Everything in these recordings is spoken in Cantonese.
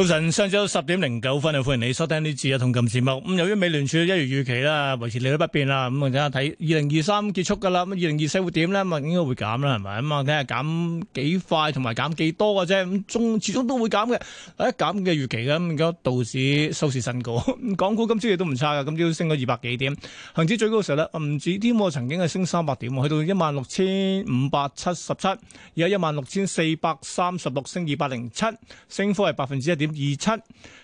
早晨，上晝十點零九分，又歡迎你收聽呢節啊，一桶金節目。咁由於美聯儲一如預期啦，維持利率不變啦。咁啊，睇下睇二零二三結束㗎啦。咁二零二四會點咧？咁啊，應該會減啦，係咪啊嘛？睇下減幾快同埋減幾多嘅啫。咁終始終都會減嘅。誒，減嘅預期啦。咁而家道指收市新高。港股今朝亦都唔差嘅，今朝升咗二百幾點。恆指最高嘅時候咧，唔止添，曾經係升三百點，去到一萬六千五百七十七。而家一萬六千四百三十六，升二百零七，升幅係百分之一點二七，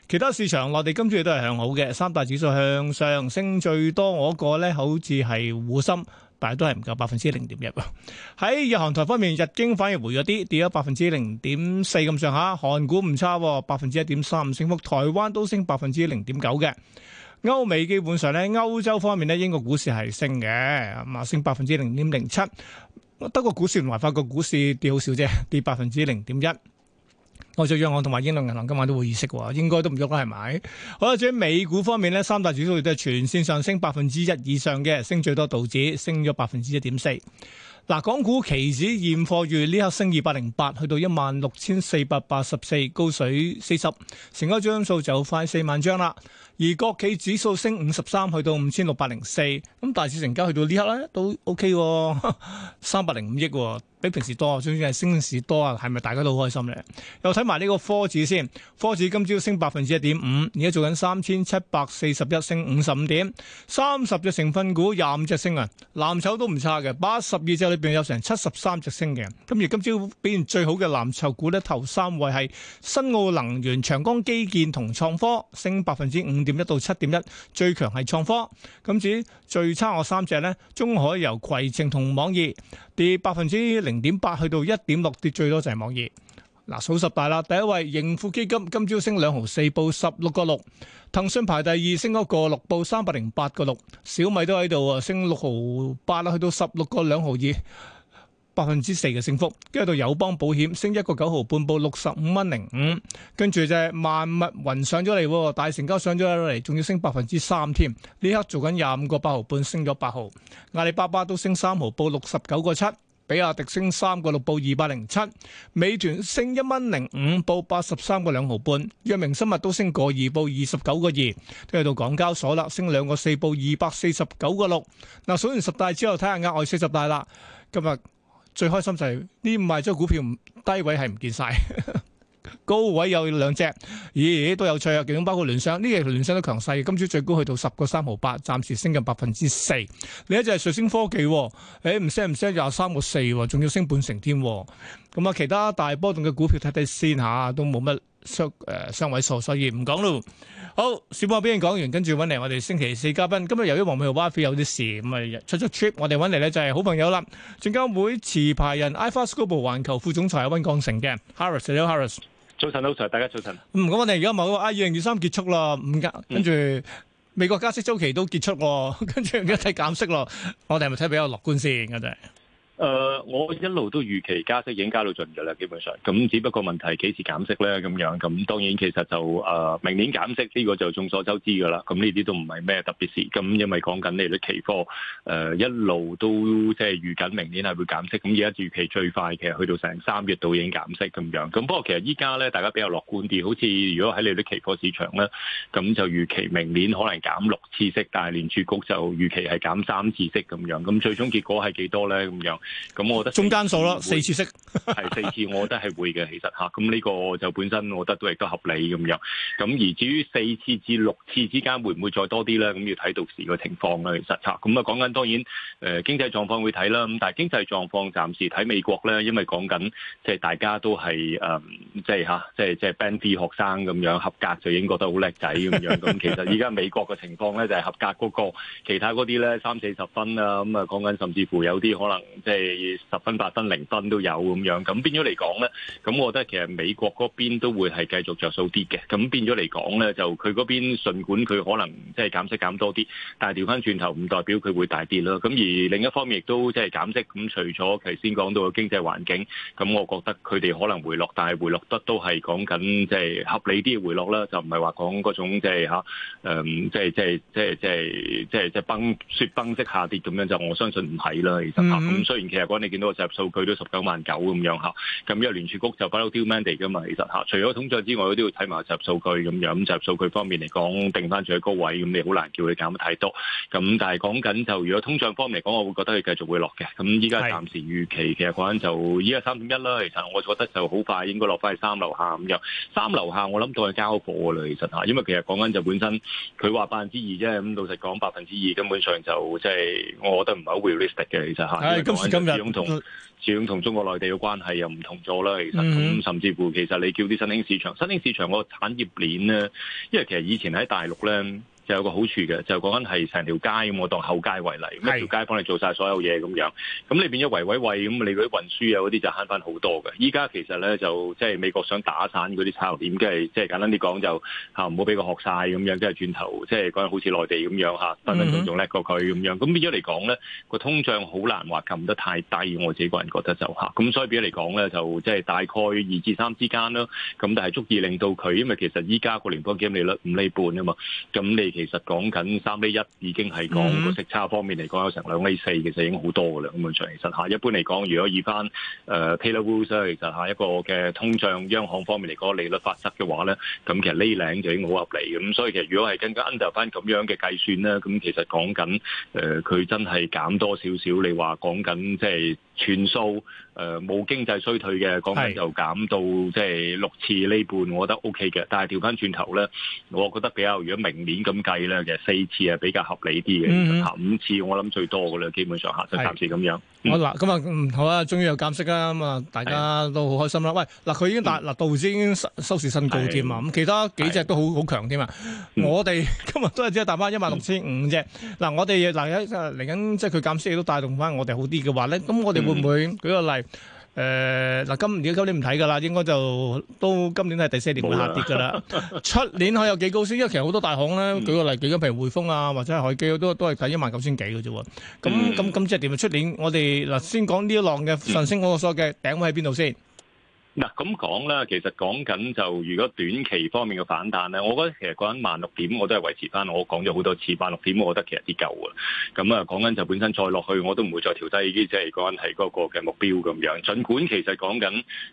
其他市場，內地今朝亦都係向好嘅，三大指數向上，升最多嗰個咧，好似係滬深，但係都係唔夠百分之零點一喎。喺日韓台方面，日經反而回咗啲，跌咗百分之零點四咁上下。韓股唔差，百分之一點三升幅，台灣都升百分之零點九嘅。歐美基本上咧，歐洲方面咧，英國股市係升嘅，啊升百分之零點零七，德國股市同埋法國股市跌好少啫，跌百分之零點一。我最央行同埋英倫銀行今晚都會意識會議息喎，應該都唔喐啦，係咪？好啦，至於美股方面呢，三大指數亦都係全線上升百分之一以上嘅，升最多道指升咗百分之一點四。嗱，港股期指現貨月呢刻升二百零八，去到一萬六千四百八十四，高水四十，成交張數就快四萬張啦。而國企指數升五十三，去到五千六百零四。咁大市成交去到呢刻咧都 O K，三百零五億，比平時多，總之係升市多啊，係咪大家都好開心咧？又睇埋呢個科指先，科指今朝升百分之一點五，而家做緊三千七百四十一，升五十五點，三十隻成分股廿五隻升啊，藍籌都唔差嘅，八十二隻裏邊有成七十三隻升嘅。今日今朝表現最好嘅藍籌股咧，頭三位係新奧能源、長江基建同創科，升百分之五點一到七點一，最強係創科，今次最差我三隻呢，中海油、攜程同網易跌百分之零點八，去到一點六，跌最多就係網易。嗱，數十大啦，第一位盈富基金今朝升兩毫四，報十六個六；騰訊排第二，升一個六，報三百零八個六；小米都喺度啊，升六毫八啦，去到十六個兩毫二。百分之四嘅升幅，跟住到友邦保險升一個九毫半，報六十五蚊零五，跟住就係萬物雲上咗嚟，大成交上咗嚟，仲要升百分之三添。呢刻做緊廿五個八毫半，升咗八毫。阿里巴巴都升三毫，報六十九個七。比亞迪升三個六，報二百零七。美團升一蚊零五，報八十三個兩毫半。藥明生物都升個二，報二十九個二。跟住到港交所啦，升兩個四，報二百四十九個六。嗱，數完十大之後，睇下額外四十大啦，今日。最開心就係呢五隻股票，低位係唔見晒，高位有兩隻，咦都有趣啊！其中包括聯想，呢隻聯想都強勢，今朝最高去到十個三毫八，暫時升近百分之四。另一隻係瑞聲科技、哦，誒、哎、唔升唔升廿三個四，仲要升半成添、哦。咁啊，其他大波動嘅股票睇睇先嚇，都冇乜雙誒雙位數，所以唔講咯。好，小波你講完，跟住揾嚟我哋星期四嘉賓。今日由於黃美和巴菲有啲事，咁啊出咗 trip，我哋揾嚟咧就係好朋友啦。證監會持牌人 iFAST Global 環球副總裁溫鋼城嘅 Harris，Hello Harris。早晨，早晨，大家早晨。咁、嗯，咁我哋而家某啊，二零二三結束喇。五加跟住美國加息周期都結束，跟住一睇減息咯。我哋係咪睇比較樂觀先嘅啫？誒、呃，我一路都預期加息已經加到盡咗啦，基本上。咁只不過問題幾時減息咧？咁樣咁當然其實就誒、呃、明年減息呢個就眾所周知㗎啦。咁呢啲都唔係咩特別事。咁因為講緊利率期貨誒、呃、一路都即係預緊明年係會減息。咁而家預期最快其實去到成三月度已經減息咁樣。咁不過其實依家咧大家比較樂觀啲，好似如果喺利率期貨市場咧，咁就預期明年可能減六次息，但係聯儲局就預期係減三次息咁樣。咁最終結果係幾多咧？咁樣。咁我覺得中間數咯，四次識係 四次，我覺得係會嘅，其實吓，咁呢個就本身我覺得都係都合理咁樣。咁而至於四次至六次之間會唔會再多啲咧？咁要睇到時個情況啦，其實吓。咁啊，講緊當然誒、呃、經濟狀況會睇啦。咁但係經濟狀況暫時睇美國咧，因為講緊即係大家都係誒、呃，即係吓、啊，即係即係 Band D 學生咁樣合格就已經覺得好叻仔咁樣。咁其實依家美國嘅情況咧，就係、是、合格嗰、那個，其他嗰啲咧三四十分啊，咁啊講緊甚至乎有啲可能即係。係十分、八分、零分都有咁樣，咁變咗嚟講咧，咁我覺得其實美國嗰邊都會係繼續着數啲嘅，咁變咗嚟講咧，就佢嗰邊盡管佢可能即係減息減多啲，但係調翻轉頭唔代表佢會大跌啦。咁而另一方面亦都即係減息，咁除咗頭先講到嘅經濟環境，咁我覺得佢哋可能回落，但係回落得都係講緊即係合理啲嘅回落啦，就唔係話講嗰種即係吓，誒，即係即係即係即係即係即係崩雪崩式下跌咁樣，就我相信唔係啦。其實吓咁，雖然。其實講你見到個就業數據都十九萬九咁樣嚇，咁因為聯儲局就不嬲係 dual mandate 嚟噶嘛，其實嚇。除咗通脹之外，佢都要睇埋就業數據咁樣。咁就業數據方面嚟講，定翻住喺高位，咁你好難叫佢減得太多。咁但係講緊就如果通脹方面嚟講，我會覺得佢繼續會落嘅。咁依家暫時預期是其實講緊就依家三點一啦。其實我覺得就好快應該落翻去三樓下咁樣。三樓下我諗到係交貨啦，其實嚇。因為其實講緊就本身佢話百分之二啫，咁老實講百分之二根本上就即係、就是、我覺得唔係好 realistic 嘅其實嚇。是為始終同始終同中國內地嘅關係又唔同咗啦，其實咁、嗯、甚至乎其實你叫啲新興市場，新興市場個產業鏈咧，因為其實以前喺大陸咧。就有個好處嘅，就講緊係成條街咁，我當後街為例，一條街幫你做晒所有嘢咁是樣。咁你變咗圍圍圍咁，你嗰啲運輸啊嗰啲就慳翻好多嘅。依家其實咧就即係美國想打散嗰啲炒油點，即係即係簡單啲講就嚇，唔、啊、好俾佢學晒咁樣，即係轉頭即係講好似內地咁樣嚇，hmm. 分分鐘仲叻過佢咁樣。咁變咗嚟講咧，個通脹好難話冚得太低，我自己個人覺得就嚇。咁所以變咗嚟講咧，就即係大概二至三之間咯。咁但係足以令到佢，因為其實依家個聯邦基金利率五厘半啊嘛，咁你。其實講緊三釐一已經係講個息差方面嚟講有成兩釐四，其實已經好多噶啦。咁樣長，其實下一般嚟講，如果以翻 p Taylor rule 咧，za, 其實下一個嘅通脹央行方面嚟講利率法則嘅話咧，咁其實呢兩就已經好合理。咁所以其實如果係更加 under 翻咁樣嘅計算咧，咁其實講緊佢真係減多少少，你話講緊即係。全數誒冇經濟衰退嘅，講緊就減到即係六次呢半，我覺得 OK 嘅。但係調翻轉頭咧，我覺得比較如果明年咁計咧，其實四次係比較合理啲嘅。五次我諗最多嘅啦，基本上下週暫時咁樣。好啦，咁啊，好啊，終於有減息啦，咁啊，大家都好開心啦。喂，嗱，佢已經達嗱道指已經收收市新高添啊，咁其他幾隻都好好強添啊。我哋今日都係只係達翻一萬六千五啫。嗱，我哋嗱嚟緊即係佢減息亦都帶動翻我哋好啲嘅話咧，咁我哋。會唔會？舉個例，誒，嗱今年今年唔睇噶啦，應該就都今年都係第四年會下跌噶啦。出年可以有幾高先？因為其實好多大行咧，舉個例，舉咗譬如匯豐啊，或者係海記都都係睇一萬九千幾嘅啫。咁咁咁即係點啊？出年我哋嗱先講呢一浪嘅上升嗰個數嘅頂位喺邊度先？嗱咁講啦，其實講緊就如果短期方面嘅反彈咧，我覺得其實講緊萬六點我，我都係維持翻。我講咗好多次，萬六點，我覺得其實啲夠嘅。咁啊，講緊就本身再落去，我都唔會再調低，即係講緊係嗰個嘅目標咁樣。儘管其實講緊、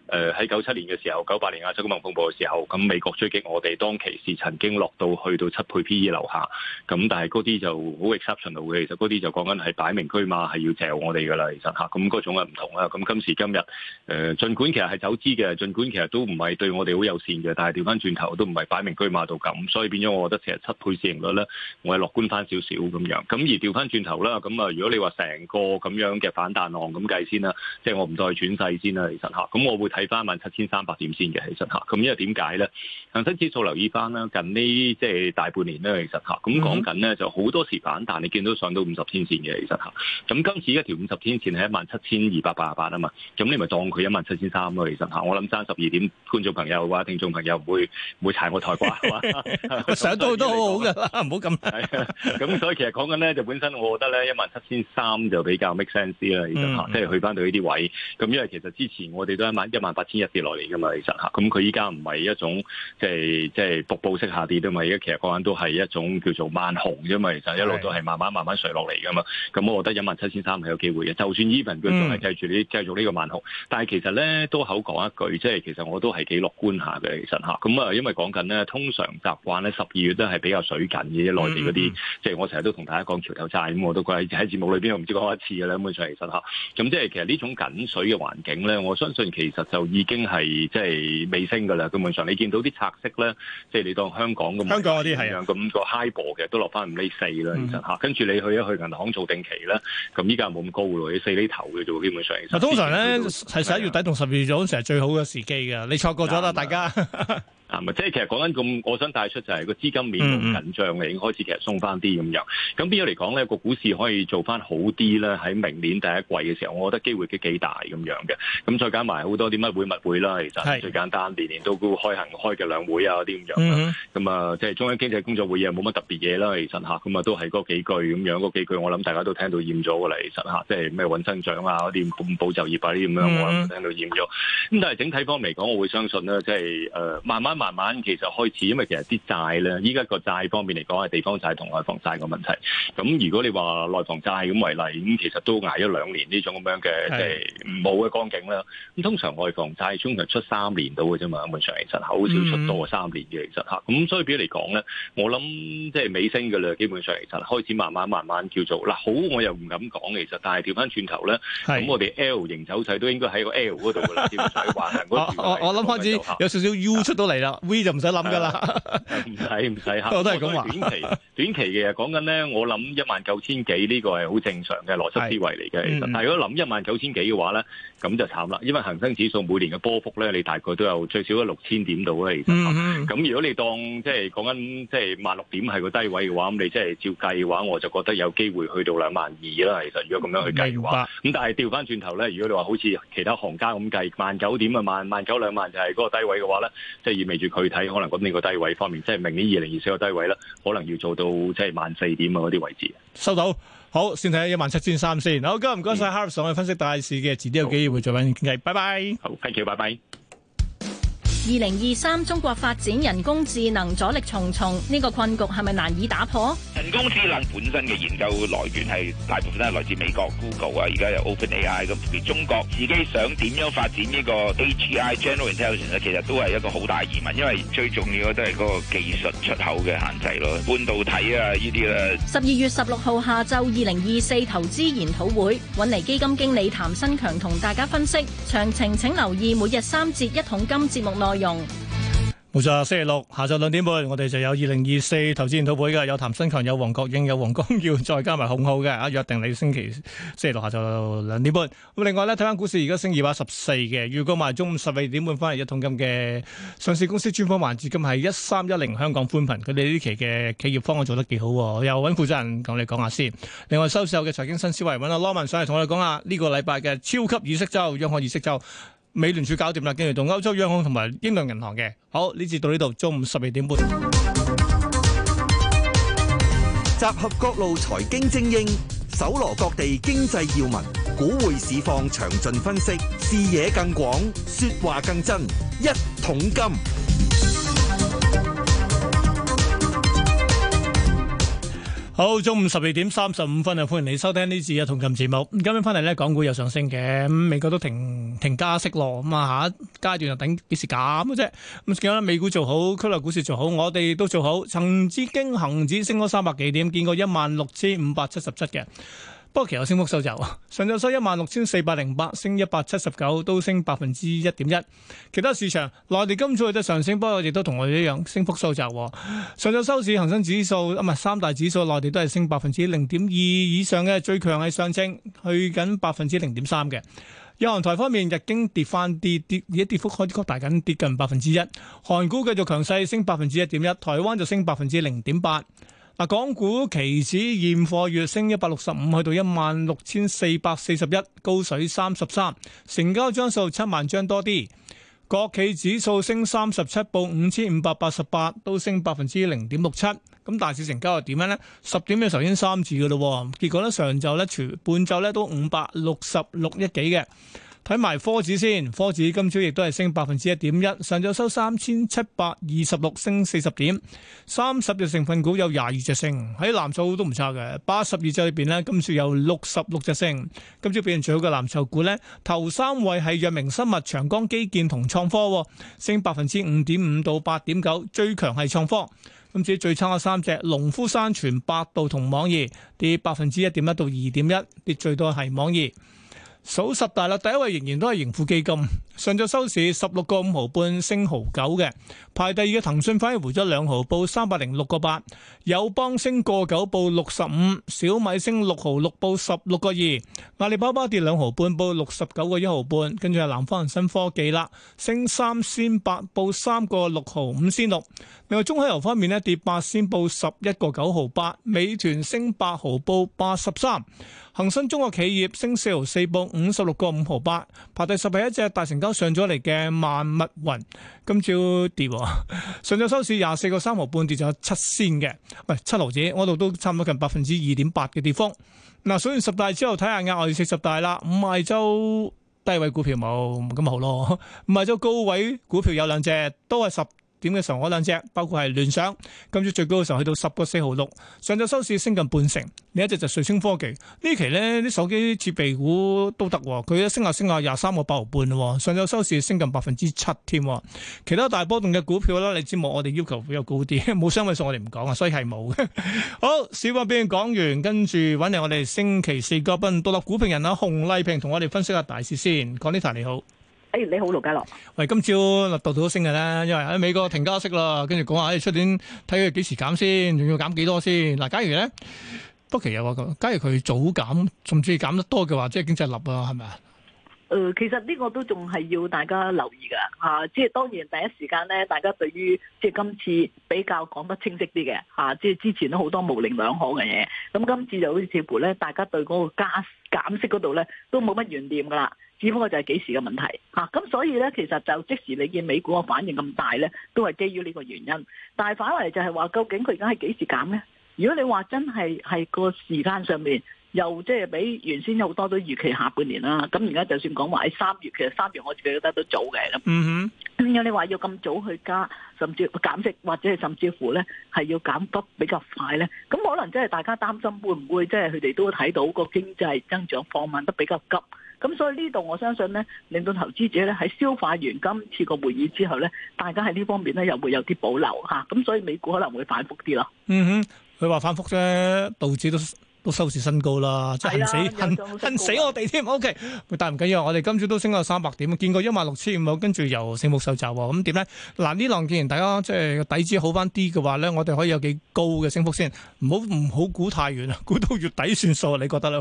就是，誒喺九七年嘅時候，九八年亞洲金融風暴嘅時候，咁美國追擊我哋，當其時是曾經落到去到七倍 P/E 樓下，咁但係嗰啲就好 exceptional 嘅，其實嗰啲就講緊係擺明車馬，係要嚼我哋噶啦，其實吓，咁嗰種係唔同啦。咁今時今日，呃、儘管其實係走資嘅，儘管其實都唔係對我哋好友善嘅，但係調翻轉頭都唔係擺明車馬道咁，所以變咗我覺得其實七倍市盈率咧，我係樂觀翻少少咁樣。咁而調翻轉頭啦，咁啊，如果你話成個咁樣嘅反彈浪咁計先啦，即係我唔再轉勢先啦，其實嚇。咁我會睇翻萬七千三百點線嘅，其實嚇。咁因為點解咧？恒生指數留意翻啦，近呢即係大半年咧，其實嚇。咁講緊咧就好多時反彈，你見到上到五十天線嘅，其實嚇。咁今次一條五十天線係一萬七千二百八十八啊嘛，咁你咪當佢一萬七千三咯，其實嚇。我諗三十二點，觀眾朋友嘅話，聽眾朋友唔會唔會踩我台啩？ 上到都，都好嘅啦，唔好咁。咁 所以其實講緊咧，就本身我覺得咧，一萬七千三就比較 make sense 啦，即係、嗯、去翻到呢啲位。咁因為其實之前我哋都一萬一萬八千一跌落嚟㗎嘛，其實咁佢依家唔係一種即係即係瀑布式下跌啫嘛。而家其實講緊都係一種叫做慢熊啫嘛。其、就、實、是、一路都係慢慢慢慢垂落嚟㗎嘛。咁的我覺得一萬七千三係有機會嘅。就算 Even 佢仲係繼續呢，繼續呢個慢熊。但係其實咧，都好講一下即係其實我都係幾樂觀下嘅，其實嚇咁啊，因為講緊咧，通常習慣咧，十二月都係比較水緊嘅，內地嗰啲，即係、嗯嗯、我成日都同大家講持有債咁，我都講喺喺節目裏邊，我唔知講過一次嘅啦，基本上其實嚇咁，即係其實呢種緊水嘅環境咧，我相信其實就已經係即係未升嘅啦，根本上你見到啲拆息咧，即係你當香港咁，香港嗰啲係啊咁個 HIBOR 嘅都落翻五厘四啦，其實嚇，跟住、嗯、你去一去銀行做定期咧，咁依家冇咁高咯，四厘頭嘅啫基本上。嗱，通常咧係十一月底同十二月早成日最。好嘅時機㗎，你錯過咗啦，大家。吧 即係其實講緊咁，我想帶出就係個資金面緊張嘅，mm hmm. 已經開始其實鬆翻啲咁樣。咁變咗嚟講咧，個股市可以做翻好啲咧，喺明年第一季嘅時候，我覺得機會幾大咁樣嘅。咁再加埋好多啲乜會密會啦，其實最簡單年年都會開行開嘅兩會啊啲咁樣。咁啊，即係中央經濟工作會議冇乜特別嘢啦，其實嚇。咁啊，都係嗰幾句咁樣，嗰幾句我諗大家都聽到厭咗㗎啦，其實嚇。即係咩穩增長啊，嗰啲保就業嗰啲咁樣，我聽到厭咗。咁、mm hmm. 但係整體方面嚟講，我會相信咧，即係誒慢慢。慢慢其實開始，因為其實啲債咧，依家個債方面嚟講係地方債同外房債個問題。咁如果你話內房債咁為例，咁其實都捱咗兩年呢種咁樣嘅即係冇嘅光景啦。咁通常外房債通常出三年到嘅啫嘛，基本上其實好少出到三年嘅。嗯、其實咁所以嚟講咧，我諗即係尾聲嘅啦，基本上其實開始慢慢慢慢叫做嗱，好，我又唔敢講其實，但係調翻轉頭咧，咁是我哋 L 型走勢都應該喺個 L 嗰度㗎啦，跳水橫，我諗開始有少少 U 出到嚟啦。We 就唔使諗噶啦，唔使唔使，我都係咁話。短期短期嘅，講緊咧，我諗一萬九千幾呢個係好正常嘅邏輯思維嚟嘅。其實，嗯、但如果諗一萬九千幾嘅話咧，咁就慘啦，因為恒生指數每年嘅波幅咧，你大概都有最少都六千點度啦。其實，咁、嗯嗯、如果你當即係講緊即係萬六點係個低位嘅話，咁你即係照計嘅話，我就覺得有機會去到兩萬二啦。其實，如果咁樣去計嘅話，咁但係調翻轉頭咧，如果你話好似其他行家咁計萬九點啊，萬萬九兩萬就係嗰個低位嘅話咧，即、就、係、是住佢，睇可能咁呢個低位方面，即係明年二零二四個低位啦，可能要做到即係萬四點啊嗰啲位置。收到，好，先睇一萬七千三先。好，今日唔該晒 Harry 上去、嗯、分析大市嘅，遲啲有機會再揾你傾。好拜拜。好，thank you，拜拜。二零二三中國發展人工智能阻力重重，呢個困局係咪難以打破？人工智能本身嘅研究來源係大部分都係來自美國 Google 啊，而家有 OpenAI 咁。而中國自己想點樣發展呢個 AGI General Intelligence 咧，其實都係一個好大疑問，因為最重要嘅都係嗰個技術出口嘅限制咯，半導體啊呢啲咧。十二月十六號下晝二零二四投資研討會，搵嚟基金經理譚新強同大家分析詳情，請留意每日三節一桶金節目內。用冇錯，星期六下晝兩點半，我哋就有二零二四投資研討會嘅，有譚新強、有黃國英，有黃光耀，再加埋孔浩嘅啊！約定你星期、星期六下晝兩點半。咁另外呢，睇翻股市而家升二百一十四嘅，預告埋中午十二點半翻嚟一桶金嘅上市公司專訪環節，今日係一三一零香港寬頻，佢哋呢期嘅企業方案做得幾好，又揾負責人同我哋講下先。另外收市後嘅財經新思維，揾阿羅文上嚟同我哋講下呢、呢個禮拜嘅超級議息周、央行議息周。美聯儲搞掂啦，跟住同歐洲央行同埋英聯銀行嘅。好，呢節到呢度，中午十二點半。集合各路財經精英，搜羅各地經濟要聞，股匯市況詳盡分析，視野更廣，說話更真，一桶金。好，中午十二點三十五分啊！歡迎你收聽呢次嘅一桶金節目。今日翻嚟呢，港股又上升嘅，美國都停停加息咯。咁啊，下一階段又等幾時減嘅啫？咁點解美股做好，區內股市做好，我哋都做好？曾指、經恒指升咗三百幾點，見過一萬六千五百七十七嘅。不過其實升幅收窄，上晝收一萬六千四百零八，升一百七十九，都升百分之一點一。其他市場，內地今早又對上升，不過亦都同我哋一樣升幅收窄。上晝收市，恒生指數啊唔係三大指數，內地都係升百分之零點二以上嘅，最強係上證，去緊百分之零點三嘅。日韓台方面，日經跌翻跌跌，而家跌幅開始擴大緊，跌，跌，跌近百分之一。韓股繼續強勢，升百分之一點一，台灣就升百分之零點八。嗱，港股期指現貨月升一百六十五，去到一萬六千四百四十一，高水三十三，成交張數七萬張多啲。國企指數升三十七，報五千五百八十八，都升百分之零點六七。咁大市成交又點樣呢？十點嘅時候已經三字嘅咯，結果咧上晝咧，除半晝咧都五百六十六億幾嘅。睇埋科指先，科指今朝亦都係升百分之一點一，上晝收三千七百二十六，升四十點。三十隻成分股有廿二隻升，喺藍籌股都唔差嘅。八十二隻裏邊呢，今朝有六十六隻升。今朝表現最好嘅藍籌股呢，頭三位係藥明生物、長江基建同創科，升百分之五點五到八點九，最強係創科。今次最差嘅三隻，農夫山泉、百度同網易，跌百分之一點一到二點一，跌最多係網易。數十大啦，第一位仍然都係盈富基金，上晝收市十六個五毫半，升毫九嘅。排第二嘅騰訊，反而回咗兩毫，報三百零六個八。友邦升個九，報六十五。小米升六毫六，報十六個二。阿里巴巴跌兩毫半，報六十九個一毫半。跟住係南方恒生科技啦，升三先八，報三個六毫五先六。另外中海油方面呢，跌八先，報十一個九毫八。美團升八毫，報八十三。恒生中國企業升四毫四報，五十六個五毫八，排第十係一隻大成交上咗嚟嘅萬物雲，今朝跌、啊，上晝收市廿四個三毫半跌咗七仙嘅，喂、哎、七毫子，我度都差唔多近百分之二點八嘅跌幅。嗱、啊，數完十大之後，睇下額外四十大啦，五賣州低位股票冇咁咪好咯，五賣州高位股票有兩隻，都係十。點嘅時候，我兩隻，包括係聯想，今次最高嘅時候去到十個四毫六，上晝收市升近半成。另一隻就瑞聲科技，期呢期咧啲手機設備股都得，佢一升下升下，廿三個八毫半，上晝收市升近百分之七添。其他大波動嘅股票咧，你知冇？我哋要求比較高啲，冇雙位數我哋唔講啊，所以係冇嘅。好，小波邊講完，跟住搵嚟我哋星期四嘉賓獨立股評人啊洪麗萍同我哋分析一下大市先。講呢太你好。哎，你好，盧家樂。喂，今朝立度都升嘅啦，因為喺美國停加息啦，跟住講話，要出年睇佢幾時減先，仲要減幾多先。嗱，假如咧，不其有啊，假如佢早減，甚至減得多嘅話，即係經濟立啊，係咪啊？誒，其實呢個都仲係要大家留意噶吓，即係當然第一時間咧，大家對於即係今次比較講得清晰啲嘅吓，即係之前都好多模棱兩可嘅嘢，咁今次就好似似乎咧，大家對嗰個加減息嗰度咧都冇乜懸念噶啦，只不過就係幾時嘅問題吓，咁所以咧其實就即時你見美股個反應咁大咧，都係基於呢個原因，但係反為就係話，究竟佢而家係幾時減咧？如果你話真係係個時間上面。又即係比原先有好多都預期下半年啦，咁而家就算講話喺三月，其實三月我自己覺得都早嘅，咁，嗯哼，點解你話要咁早去加，甚至減息，或者係甚至乎咧係要減得比較快咧？咁可能即係大家擔心會唔會即係佢哋都睇到個經濟增長放慢得比較急，咁所以呢度我相信咧，令到投資者咧喺消化完今次個會議之後咧，大家喺呢方面咧又會有啲保留吓，啊，咁所以美股可能會反覆啲咯。嗯哼，佢話反覆啫，導致都都收市新高啦，啊，即係恨死恨恨死我哋添，O K，但係唔緊要，我哋今朝都升咗三百點，見過 16, 000, 一萬六千五，跟住由升幅收窄喎，咁點咧？嗱，呢浪既然大家即係底子好翻啲嘅話咧，我哋可以有幾高嘅升幅先，唔好唔好估太遠啊，估到月底算數，你覺得咧？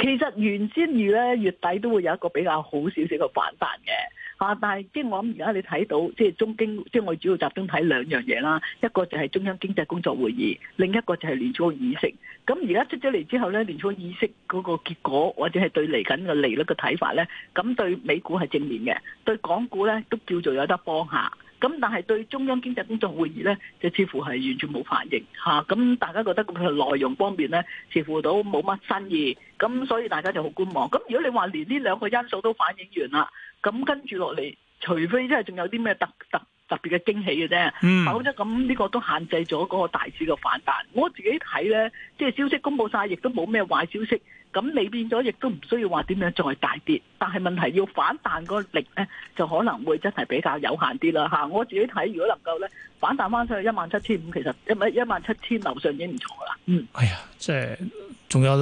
其實原先預咧月底都會有一個比較好少少嘅反彈嘅。啊！但係即係我諗而家你睇到，即係中經，即係我主要集中睇兩樣嘢啦。一個就係中央經濟工作會議，另一個就係年初議息。咁而家出咗嚟之後咧，年初議息嗰個結果或者係對嚟緊嘅利率嘅睇法咧，咁對美股係正面嘅，對港股咧都叫做有得幫下。咁但係對中央經濟工作會議呢，就似乎係完全冇反應吓，咁、啊、大家覺得佢嘅內容方面呢，似乎都冇乜新意，咁所以大家就好觀望。咁如果你話連呢兩個因素都反映完啦，咁跟住落嚟，除非即係仲有啲咩特特特別嘅驚喜嘅啫，否則咁呢個都限制咗嗰個大市嘅反彈。我自己睇呢，即係消息公布晒，亦都冇咩壞消息。咁你變咗亦都唔需要話點樣再大跌，但係問題要反彈個力咧，就可能會真係比較有限啲啦吓。我自己睇，如果能夠咧反彈翻上去一萬七千五，其實一米一萬七千樓上已經唔錯啦。嗯，係啊，即係。仲有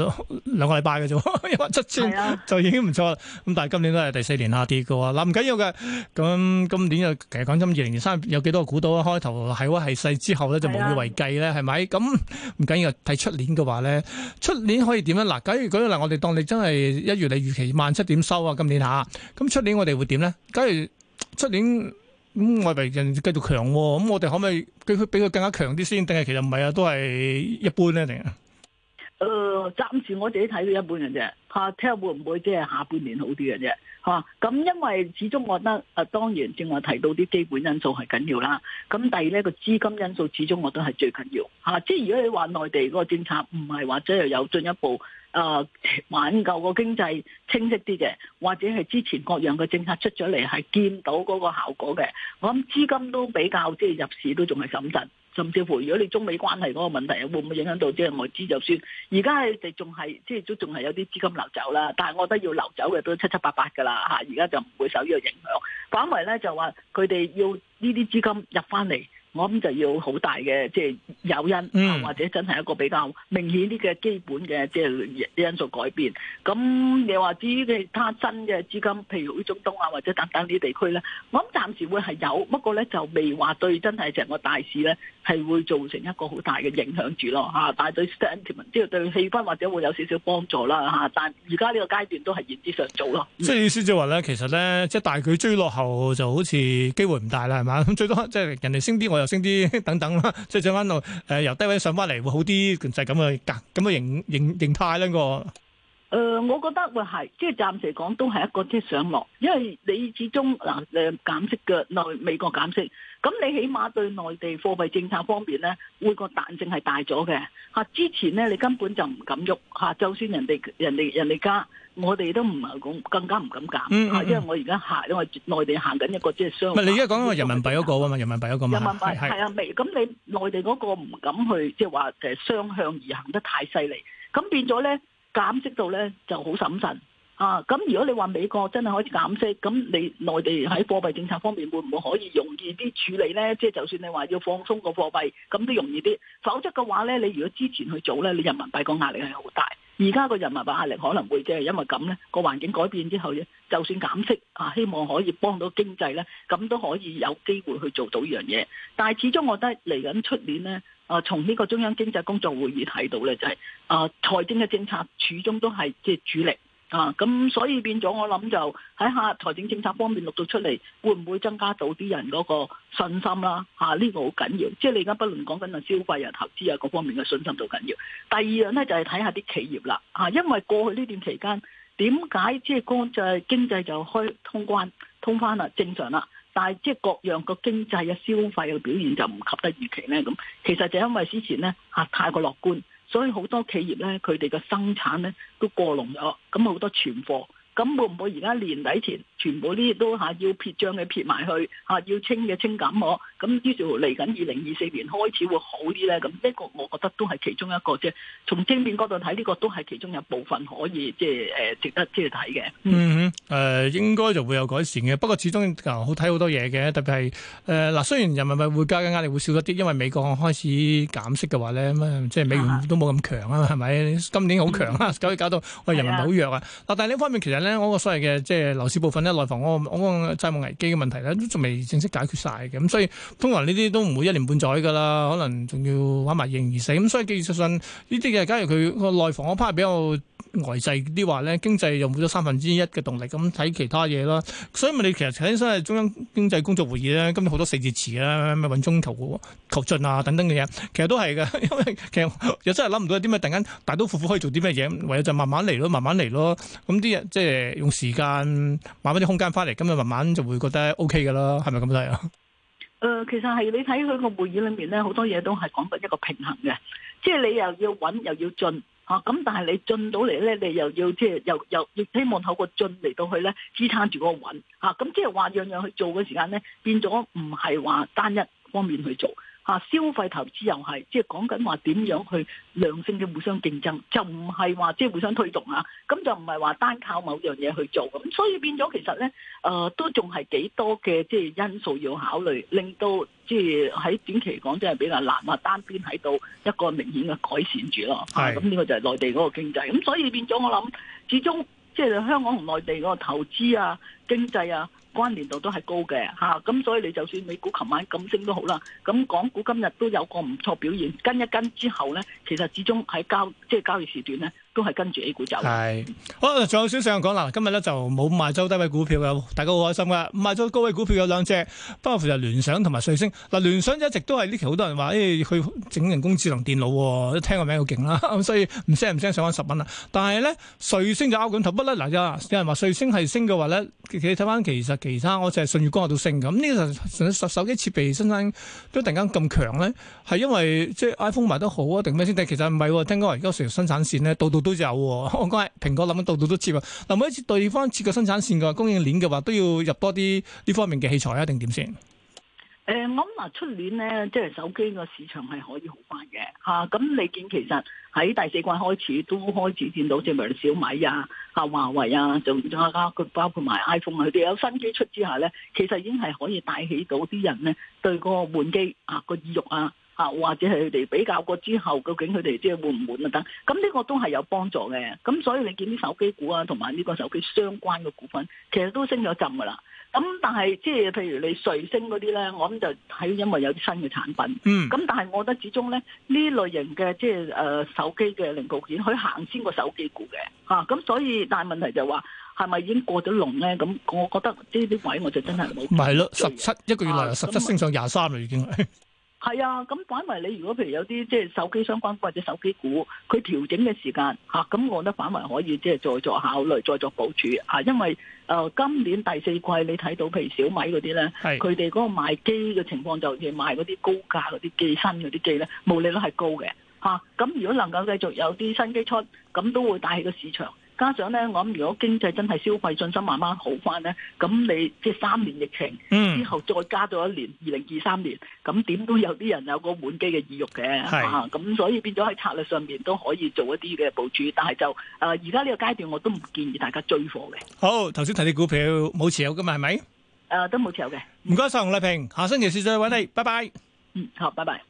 兩個禮拜嘅啫，一萬七千就已經唔錯啦。咁、啊、但係今年都係第四年下跌㗎喎，嗱唔緊要嘅。咁、嗯、今年又其實講今二零二三有幾多個股到？一開頭係屈係細之後咧就無以為繼咧，係咪、啊？咁唔緊要，睇、嗯、出年嘅話咧，出年可以點樣嗱、啊，假如如嗱我哋當你真係一月你預期萬七點收啊，今年吓，咁出年我哋會點咧？假如出年咁外圍仲繼續強、啊，咁我哋可唔可以佢佢比佢更加強啲先？定係其實唔係啊，都係一般咧定？誒，暫、呃、時我自己睇到一半嘅啫，吓聽下會唔會即係下半年好啲嘅啫，吓、啊、咁因為始終我覺得誒、啊，當然正話提到啲基本因素係緊要啦。咁、啊、第二咧個資金因素始終我覺得係最緊要吓、啊。即係如果你話內地嗰個政策唔係話即係有進一步誒挽、啊、救個經濟清晰啲嘅，或者係之前各樣嘅政策出咗嚟係見到嗰個效果嘅，我諗資金都比較即係入市都仲係審慎。甚至乎，如果你中美關係嗰個問題會唔會影響到，即係我知就算而家仲係。而家佢哋仲係即係都仲係有啲資金流走啦，但係我覺得要流走嘅都七七八八噶啦嚇，而家就唔會受呢個影響。反為咧就話佢哋要呢啲資金入翻嚟。我諗就要好大嘅，即係誘因、嗯、或者真係一個比較明顯啲嘅基本嘅，即係因素改變。咁你話至於嘅其他新嘅資金，譬如呢種中東、啊、或者等等啲地區咧，我諗暫時會係有，不過咧就未話對真係成個大市咧係會造成一個好大嘅影響住咯嚇。但係對即係對氣氛或者會有少少幫助啦嚇、啊。但係而家呢個階段都係言之尚早咯。即係意思即係話咧，其實咧，即係大舉追落後就好似機會唔大啦，係嘛？咁 最多即係人哋升啲我升啲等等啦，即係上翻度誒由低位上翻嚟會好啲，就係咁嘅格咁嘅形形形態咧個。誒、呃，我覺得會係，即係暫時講都係一個即係上落，因為你始終嗱誒、呃呃、減息嘅內美國減息，咁你起碼對內地貨幣政策方面咧，會個彈性係大咗嘅吓。之前咧你根本就唔敢喐吓，就、啊、算人哋人哋人哋加，我哋都唔係更加唔敢減吓，嗯啊、因為我而家行，因為內地行緊一個即係商唔係你而家講緊個人民幣嗰個啊嘛，人民幣嗰個嘛，係啊，未咁你內地嗰個唔敢去即係話誒雙向而行得太犀利，咁變咗咧。減息到咧就好審慎啊！咁如果你話美國真係可以減息，咁你內地喺貨幣政策方面會唔會可以容易啲處理咧？即係就算你話要放鬆個貨幣，咁都容易啲。否則嘅話咧，你如果之前去做咧，你人民幣個壓力係好大。而家個人民幣壓力可能會即係因為咁咧，個環境改變之後，就算減息啊，希望可以幫到經濟咧，咁都可以有機會去做到呢樣嘢。但係始終我覺得嚟緊出年咧。啊，從呢個中央經濟工作會議睇到咧，就係啊，財政嘅政策始終都係即係主力啊，咁所以變咗我諗就睇下財政政策方面錄到出嚟，會唔會增加到啲人嗰個信心啦、啊？吓、啊，呢、這個好緊要，即係你而家不論講緊啊消費啊、投資啊各方面嘅信心都緊要。第二樣咧就係睇下啲企業啦，吓、啊，因為過去呢段期間點解即係就經濟就開通關通翻啦，正常啦。但係，即係各樣個經濟嘅消費嘅表現就唔及得預期咧。咁其實就因為之前咧嚇太過樂觀，所以好多企業咧佢哋嘅生產咧都過龍咗，咁好多存貨。咁會唔會而家年底前全部呢啲都吓，要撇帳嘅撇埋去，吓要清嘅清，咁我咁於是嚟緊二零二四年開始會好啲咧？咁呢個我覺得都係其中一個啫。從正面角度睇，呢個都係其中有部分可以即係誒值得即係睇嘅。嗯哼，誒、呃、應該就會有改善嘅。不過始終好睇好多嘢嘅，特別係誒嗱。雖然人民幣匯價嘅壓力會少咗啲，因為美國開始減息嘅話咧，即係美元都冇咁強啊，係咪？今年好強、嗯、啊，搞搞到我人民幣好弱啊。嗱，但係呢方面其實呢我個所謂嘅即係樓市部分咧，內房我我個債務危機嘅問題咧，都仲未正式解決晒嘅，咁所以通常呢啲都唔會一年半載㗎喇，可能仲要玩埋盈而死，咁所以技術上呢啲嘅，假如佢個內房嗰 part 比較，外制啲話咧，經濟又冇咗三分之一嘅動力，咁睇其他嘢啦。所以咪你其實陳醫生係中央經濟工作會議咧，今日好多四字詞啊，咩穩中求、求進啊等等嘅嘢，其實都係嘅。因為其實又真係諗唔到有啲咩突然間大刀闊斧可以做啲咩嘢，唯有就慢慢嚟咯，慢慢嚟咯。咁啲人即係用時間買翻啲空間翻嚟，咁就慢慢，慢，慢慢就會覺得 O K 嘅啦。係咪咁睇啊？誒、呃，其實係你睇佢個會議裏面咧，好多嘢都係講緊一個平衡嘅，即係你又要穩又要進。咁、啊、但係你進到嚟咧，你又要即係、就是、又又亦希望透過進嚟到去咧支撐住個穩，咁即係話樣樣去做嘅時間咧，變咗唔係話單一方面去做。啊！消費投資又係，即係講緊話點樣去良性嘅互相競爭，就唔係話即係互相推動呀，咁就唔係話單靠某樣嘢去做咁，所以變咗其實咧，誒、呃、都仲係幾多嘅即係因素要考慮，令到即係喺短期嚟講，真係比較難話單邊喺度一個明顯嘅改善住咯。係咁呢個就係內地嗰個經濟，咁所以變咗我諗，始終即係香港同內地嗰個投資啊、經濟啊。關聯度都係高嘅。吓，咁所以你就算美股琴晚咁升都好啦，咁港股今日都有個唔錯表現，跟一跟之後咧，其實始終喺交即係、即係、交易時段咧。都係跟住 A 股走。係好，仲有少少想講啦。今日咧就冇賣周低位股票嘅，大家好開心㗎。賣咗高位股票有兩隻，包括就聯想同埋瑞星。嗱，聯想一直都係呢期好多人話，誒、哎、去整人工智能電腦、哦，聽個名好勁啦，所以唔聲唔聲上翻十蚊啦。但係咧，瑞星就拗緊頭不甩。嗱，有人話瑞星係升嘅話咧，其實睇翻其實其他，我就係順月光都升㗎。咁呢個實手機設備生產都突然間咁強咧，係因為即係 iPhone 賣得好啊定咩先？但係其實唔係、哦，聽講話而家成日生產線咧，到到。都有、啊，我講蘋果諗到度都切啊！嗱，每一次對方設個生產線嘅供應鏈嘅話，都要入多啲呢方面嘅器材啊，定點先？誒、呃，我諗嗱，出年咧，即係手機個市場係可以好翻嘅吓。咁、啊、你見其實喺第四季開始都開始見到，即係小米啊、啊華為啊，仲仲包括埋 iPhone 佢、啊、哋有新機出之下咧，其實已經係可以帶起到啲人咧對嗰個換機啊個意欲啊。啊，或者係佢哋比較過之後，究竟佢哋即係換唔換啊？等咁呢個都係有幫助嘅。咁所以你見啲手機股啊，同埋呢個手機相關嘅股份，其實都升咗浸噶啦。咁但係即係譬如你瑞星嗰啲咧，我諗就係因為有啲新嘅產品。咁、嗯、但係我覺得始終咧呢這類型嘅即係誒手機嘅零部件，可以行先過手機股嘅嚇。咁、啊、所以但係問題就話係咪已經過咗龍咧？咁我覺得呢啲位我就真係冇。唔係咯，十七一個月內、啊，十七升上廿三啦，已經。 係啊，咁反為你如果譬如有啲即係手機相關或者手機股，佢調整嘅時間嚇，咁、啊、我覺得反為可以即係再作考慮，再作部署、啊、因為、呃、今年第四季你睇到譬如小米嗰啲咧，佢哋嗰個賣機嘅情況就係賣嗰啲高價嗰啲機，新嗰啲機咧，毛利率係高嘅嚇。咁、啊、如果能夠繼續有啲新機出，咁都會帶起個市場。加上咧，我諗如果經濟真係消費信心慢慢好翻咧，咁你即係三年疫情、嗯、之後再加咗一年二零二三年，咁點都有啲人有個換機嘅意欲嘅，嚇咁是、啊、所以變咗喺策略上面都可以做一啲嘅部署。但係就誒，而家呢個階段我都唔建議大家追貨嘅。好，頭先提啲股票冇持有嘅嘛係咪？誒、呃，都冇持有嘅。唔該晒，洪麗萍，下星期四再揾你，拜拜。嗯，好，拜拜。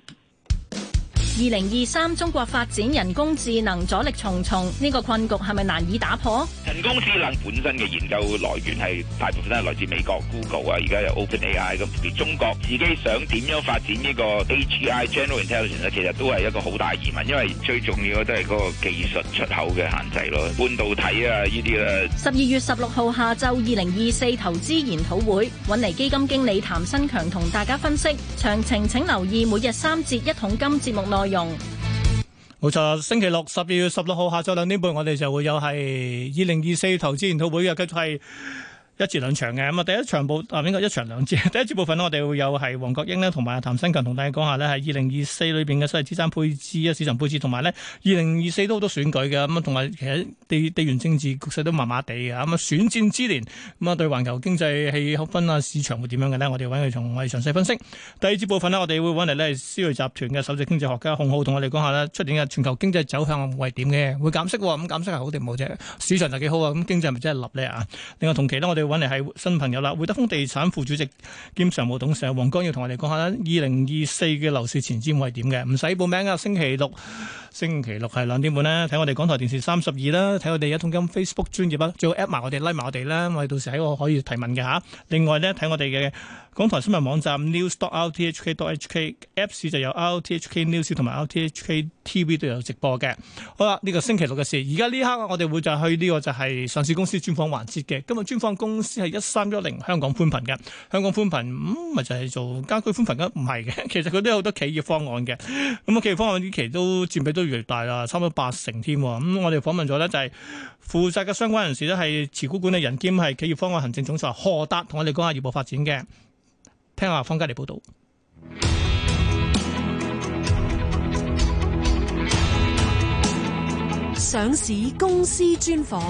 二零二三中國發展人工智能阻力重重，呢個困局係咪難以打破？人工智能本身嘅研究來源係大部分都係來自美國 Google 啊，而家又 OpenAI 咁。中國自己想點樣發展呢個 AGI General Intelligence 咧，其實都係一個好大疑問，因為最重要嘅都係嗰個技術出口嘅限制咯，半導體啊呢啲咧。十二月十六號下晝二零二四投資研討會，揾嚟基金經理譚新強同大家分析詳情，請留意每日三節一桶金節目內。用冇錯，星期六十二月十六號下晝兩點半，我哋就會有係二零二四投資研討會嘅，繼續係。一節兩場嘅咁啊，第一場部啊邊個一場兩節，第一節部分我哋會有係黃國英咧同埋譚新強同大家講下呢係二零二四裏邊嘅所謂資產配置啊，市場配置同埋呢二零二四都好多選舉嘅，咁同埋其實地地緣政治局勢都麻麻地啊咁啊，選戰之年咁啊，對環球經濟係分下市場會點樣嘅呢？我哋揾佢同我哋詳細分析。第二節部分呢，我哋會揾嚟咧，思睿集團嘅首席經濟學家洪浩同我哋講下呢出年嘅全球經濟走向係點嘅？會減息喎，咁減息係好定冇啫？市場就幾好啊，咁經濟係咪真係立咧啊？另外同期呢，我哋。搵嚟係新朋友啦，匯德豐地產副主席兼常務董事黃光耀同我哋講下啦。二零二四嘅樓市前瞻會係點嘅？唔使報名啊！星期六，星期六係兩點半啦。睇我哋港台電視三十二啦，睇我哋一桶金 Facebook 專頁啦，最好 app 埋我哋拉埋我哋啦，我哋到時喺我可以提問嘅吓。另外呢，睇我哋嘅港台新聞網站 news.rthk.hk Apps 就有 rthk news 同埋 rthk tv 都有直播嘅。好啦，呢個星期六嘅事，而家呢刻我哋會就去呢個就係上市公司專訪環節嘅，今日專訪公公司係一三一零香港寬頻嘅，香港寬頻咁咪就係、是，做家居寬頻嘅，唔係嘅，其實佢都有好多企業方案嘅，咁、嗯、企業方案呢期都佔比都越嚟越大啦，差唔多八成添。咁、嗯、我哋訪問咗咧就係、是、負責嘅相關人士咧係持股管理人兼係企業方案行政總裁何達，同我哋講下業務發展嘅。聽下方佳妮報道。上市公司專訪。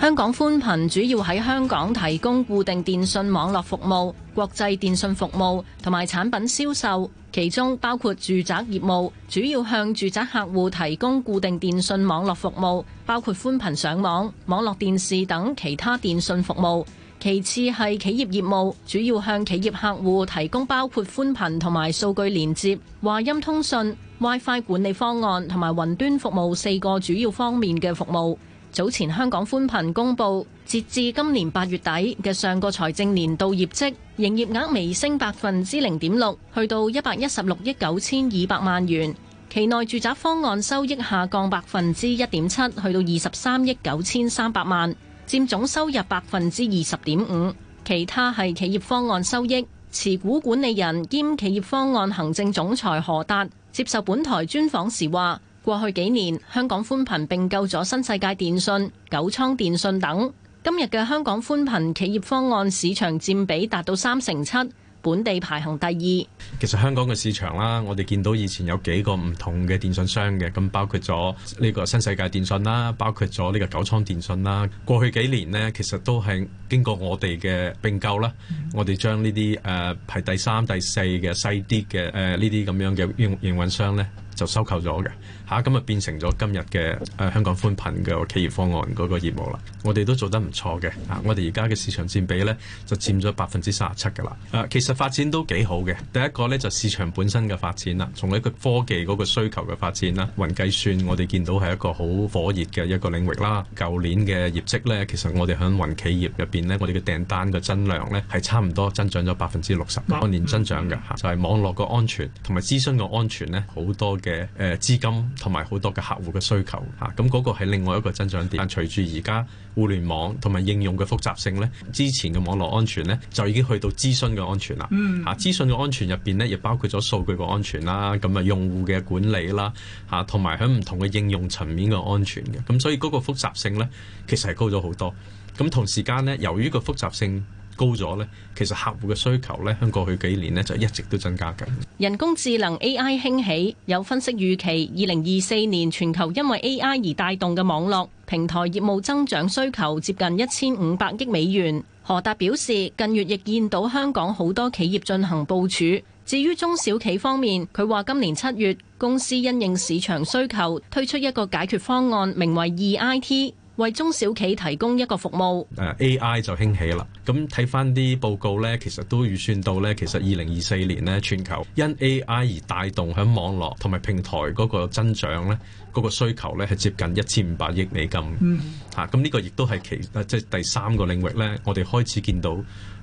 香港寬頻主要喺香港提供固定電訊網絡服務、國際電訊服務同埋產品銷售，其中包括住宅業務，主要向住宅客戶提供固定電訊網絡服務，包括寬頻上網、網絡電視等其他電訊服務；其次係企業業務，主要向企業客戶提供包括寬頻同埋數據連接、話音通訊、WiFi 管理方案同埋雲端服務四個主要方面嘅服務。早前香港寬頻公布，截至今年八月底嘅上個財政年度業績，營業額微升百分之零點六，去到一百一十六億九千二百萬元。期內住宅方案收益下降百分之一點七，去到二十三億九千三百萬，佔總收入百分之二十點五。其他係企業方案收益，持股管理人兼企業方案行政總裁何達接受本台專訪時話。過去幾年，香港寬頻併購咗新世界電訊、九倉電訊等。今日嘅香港寬頻企業方案市場佔比達到三成七，本地排行第二。其實香港嘅市場啦，我哋見到以前有幾個唔同嘅電信商嘅，咁包括咗呢個新世界電訊啦，包括咗呢個九倉電訊啦。過去幾年呢，其實都係經過我哋嘅併購啦，嗯、我哋將呢啲誒排第三、第四嘅細啲嘅誒呢啲咁樣嘅營營運商呢，就收購咗嘅。嚇，咁啊變成咗今日嘅誒香港寬頻嘅企業方案嗰個業務啦，我哋都做得唔錯嘅。啊，我哋而家嘅市場佔比呢，就佔咗百分之三十七㗎啦。誒、啊，其實發展都幾好嘅。第一個呢，就是、市場本身嘅發展啦，從呢個科技嗰個需求嘅發展啦，雲計算我哋見到係一個好火熱嘅一個領域啦。舊年嘅業績呢，其實我哋喺雲企業入邊呢，我哋嘅訂單嘅增量呢，係差唔多增長咗百分之六十按年增長嘅嚇，就係、是、網絡嘅安全同埋諮詢嘅安全呢，好多嘅誒、呃、資金。同埋好多嘅客戶嘅需求，嚇咁嗰個係另外一個增長點。但隨住而家互聯網同埋應用嘅複雜性呢，之前嘅網絡安全呢，就已經去到資訊嘅安全啦。嗯，嚇資訊嘅安全入邊呢，亦包括咗數據嘅安全啦，咁啊用戶嘅管理啦，嚇同埋喺唔同嘅應用層面嘅安全嘅。咁所以嗰個複雜性呢，其實係高咗好多。咁同時間呢，由於個複雜性。高咗呢，其實客戶嘅需求呢，喺過去幾年呢就一直都增加緊。人工智能 AI 興起，有分析預期，二零二四年全球因為 AI 而帶動嘅網絡平台業務增長需求接近一千五百億美元。何達表示，近月亦見到香港好多企業進行部署。至於中小企方面，佢話今年七月公司因應市場需求推出一個解決方案，名為 EIT。為中小企提供一個服務，誒，AI 就興起啦。咁睇翻啲報告呢，其實都預算到呢，其實二零二四年呢，全球因 AI 而帶動響網絡同埋平台嗰個增長呢，嗰個需求呢係接近一千五百億美金。吓、嗯，咁呢、啊、個亦都係其即係第三個領域呢，我哋開始見到。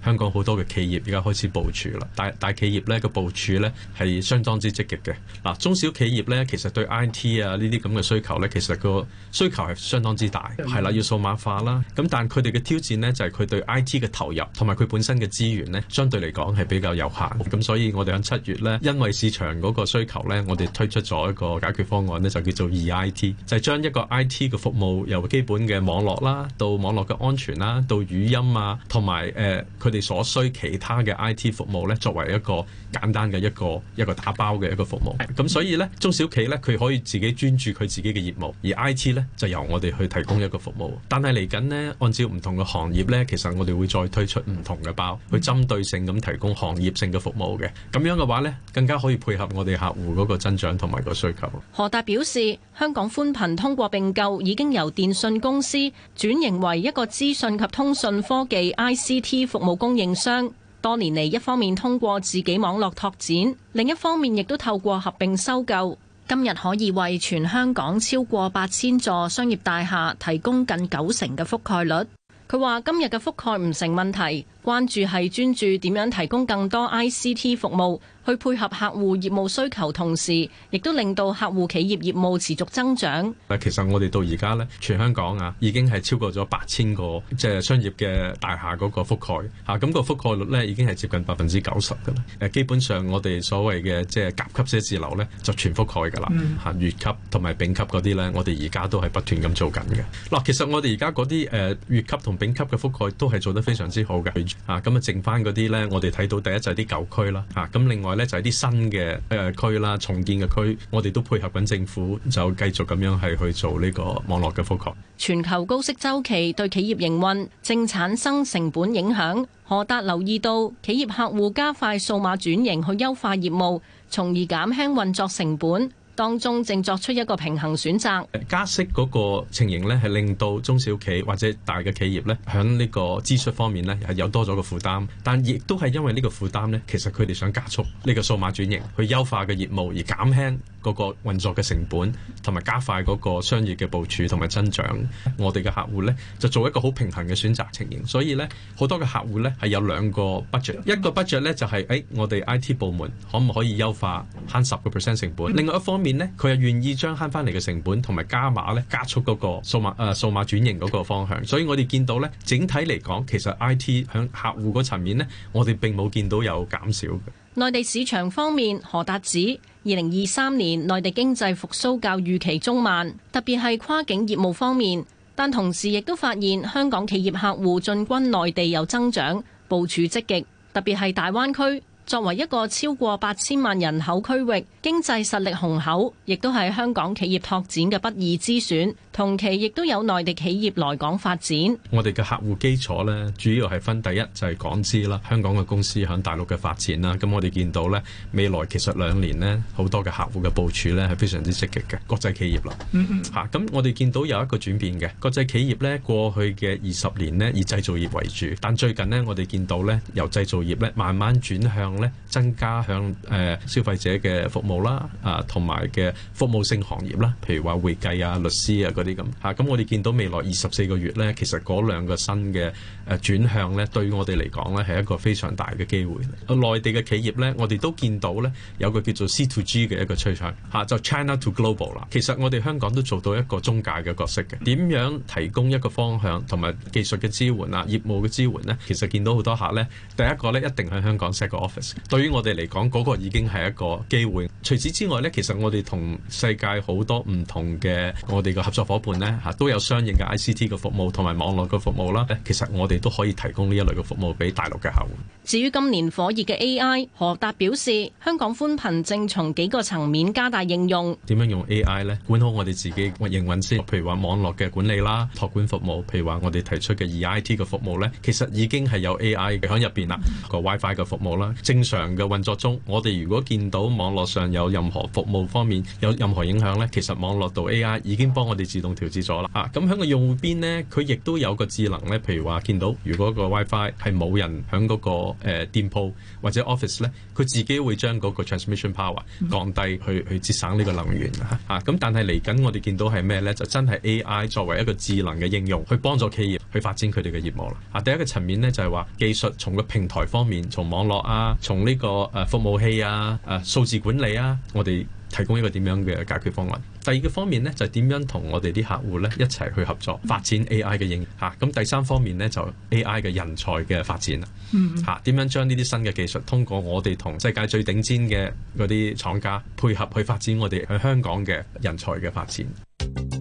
香港好多嘅企業而家開始部署啦，大大企業咧個部署咧係相當之積極嘅。嗱，中小企業咧其實對 I T 啊呢啲咁嘅需求咧，其實個需求係相當之大，係啦、嗯，要數碼化啦。咁但係佢哋嘅挑戰咧就係佢對 I T 嘅投入同埋佢本身嘅資源咧，相對嚟講係比較有限。咁、嗯、所以我哋響七月咧，因為市場嗰個需求咧，我哋推出咗一個解決方案咧，就叫做 E I T，就係將一個 I T 嘅服務由基本嘅網絡啦，到網絡嘅安全啦，到語音啊，同埋誒。呃我哋所需其他嘅 I.T. 服務咧，作為一個簡單嘅一個一個打包嘅一個服務，咁所以咧，中小企咧，佢可以自己專注佢自己嘅業務，而 I.T. 咧就由我哋去提供一個服務，但係嚟緊咧，按照唔同嘅行業咧，其實我哋會再推出唔同嘅包，去針對性咁提供行業性嘅服務嘅。咁樣嘅話咧，更加可以配合我哋客戶嗰個增長同埋個需求。何達表示，香港寬頻通過併購已經由電信公司轉型為一個資訊及通訊科技 I.C.T. 服務。供應商，多年嚟一方面通過自己網絡拓展，另一方面亦都透過合併收購，今日可以為全香港超過八千座商業大廈提供近九成嘅覆蓋率。佢話今日嘅覆蓋唔成問題，關注係專注點樣提供更多 ICT 服務。去配合客戶業務需求，同時亦都令到客戶企業業務持續增長。嗱，其實我哋到而家咧，全香港啊，已經係超過咗八千個即係、就是、商業嘅大廈嗰個覆蓋吓，咁、啊那個覆蓋率咧已經係接近百分之九十噶啦。誒、啊，基本上我哋所謂嘅即係甲級寫字樓咧，就全覆蓋噶啦吓，乙級同埋丙級嗰啲咧，我哋而家都係不斷咁做緊嘅。嗱、啊，其實我哋而家嗰啲誒乙級同丙級嘅覆蓋都係做得非常之好嘅吓，咁啊剩翻嗰啲咧，我哋睇到第一就係啲舊區啦吓，咁、啊啊、另外咧。就係啲新嘅誒區啦，重建嘅區，我哋都配合緊政府，就繼續咁樣係去做呢個網絡嘅覆蓋。全球高息周期對企業營運正產生成本影響。何達留意到，企業客戶加快數碼轉型去優化業務，從而減輕運作成本。當中正作出一個平衡選擇。加息嗰個情形咧，係令到中小企或者大嘅企業咧，響呢個支出方面咧係有多咗個負擔，但亦都係因為呢個負擔咧，其實佢哋想加速呢個數碼轉型，去優化嘅業務而減輕嗰個運作嘅成本，同埋加快嗰個商業嘅部署同埋增長。我哋嘅客戶咧就做一個好平衡嘅選擇情形，所以咧好多嘅客戶咧係有兩個 budget，一個 budget 咧就係誒，我哋 IT 部門可唔可以優化慳十個 percent 成本，另外一方面。佢又願意將慳翻嚟嘅成本同埋加碼咧，加速嗰個數碼誒、呃、數碼轉型嗰個方向。所以我哋見到咧，整體嚟講，其實 I T 喺客戶嗰層面呢，我哋並冇見到有減少。內地市場方面，何達指二零二三年內地經濟復甦較預期中慢，特別係跨境業務方面。但同時亦都發現香港企業客戶進軍內地有增長，部署積極，特別係大灣區。作為一個超過八千萬人口區域，經濟實力雄厚，厚，亦都係香港企業拓展嘅不二之選。同期亦都有內地企業來港發展。我哋嘅客戶基礎咧，主要係分第一就係、是、港資啦，香港嘅公司響大陸嘅發展啦。咁我哋見到咧，未來其實兩年咧，好多嘅客戶嘅部署咧係非常之積極嘅國際企業啦。嗯嗯，吓咁我哋見到有一個轉變嘅國際企業咧，過去嘅二十年咧以製造業為主，但最近咧我哋見到咧由製造業咧慢慢轉向。增加響誒消費者嘅服務啦，啊，同埋嘅服務性行業啦，譬如話會計啊、律師啊嗰啲咁嚇。咁我哋見到未來二十四個月咧，其實嗰兩個新嘅誒轉向咧，對於我哋嚟講咧係一個非常大嘅機會。內地嘅企業咧，我哋都見到咧有個叫做 C to G 嘅一個趨向嚇，就 China to Global 啦。其實我哋香港都做到一個中介嘅角色嘅點樣提供一個方向同埋技術嘅支援啦、業務嘅支援咧。其實見到好多客咧，第一個咧一定喺香港 set 個 office。對於我哋嚟講，嗰個已經係一個機會。除此之外呢，其實我哋同世界好多唔同嘅我哋嘅合作伙伴呢，都有相應嘅 I C T 嘅服務同埋網絡嘅服務啦。其實我哋都可以提供呢一類嘅服務俾大陸嘅客戶。至於今年火熱嘅 A I，何達表示香港寬頻正從幾個層面加大應用。點樣用 A I 呢？管好我哋自己營運先，譬如話網絡嘅管理啦、託管服務，譬如話我哋提出嘅 E I T 嘅服務呢，其實已經係有 A I 嘅喺入邊啦。個 WiFi 嘅服務啦。正常嘅運作中，我哋如果見到網絡上有任何服務方面有任何影響呢，其實網絡度 A.I. 已經幫我哋自動調節咗啦。咁、啊、喺個用戶邊呢，佢亦都有個智能呢。譬如話見到如果個 WiFi 係冇人喺嗰、嗰個、呃、店鋪或者 office 呢，佢自己會將嗰個 transmission power 降低去去節省呢個能源，咁、啊、但係嚟緊我哋見到係咩呢？就真係 A.I. 作為一個智能嘅應用，去幫助企業去發展佢哋嘅業務啦。啊，第一個層面呢，就係、係、話技術從個平台方面，從網絡啊。從呢個服務器啊、誒、啊、數字管理啊，我哋提供一個點樣嘅解決方案。第二個方面呢，就係、是、點樣同我哋啲客戶呢一齊去合作發展 AI 嘅應用。咁、啊、第三方面呢，就 AI 嘅人才嘅發展啦。點、啊、樣將呢啲新嘅技術，通過我哋同世界最頂尖嘅嗰啲廠家配合去發展我哋去香港嘅人才嘅發展。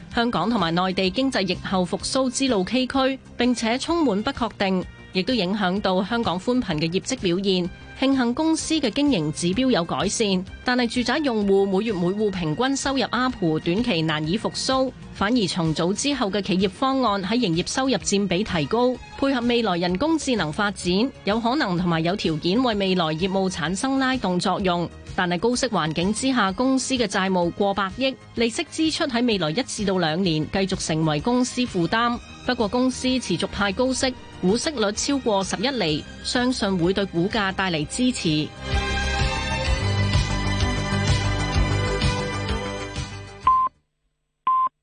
香港同埋內地經濟疫後復甦之路崎嶇，並且充滿不確定，亦都影響到香港寬頻嘅業績表現。慶幸公司嘅經營指標有改善，但係住宅用戶每月每戶平均收入 ARPU 短期難以復甦，反而重組之後嘅企業方案喺營業收入佔比提高，配合未來人工智能發展，有可能同埋有條件為未來業務產生拉動作用。但係高息環境之下，公司嘅債務過百億，利息支出喺未來一至到兩年繼續成為公司負擔。不過公司持續派高息，股息率超過十一厘，相信會對股價帶嚟支持。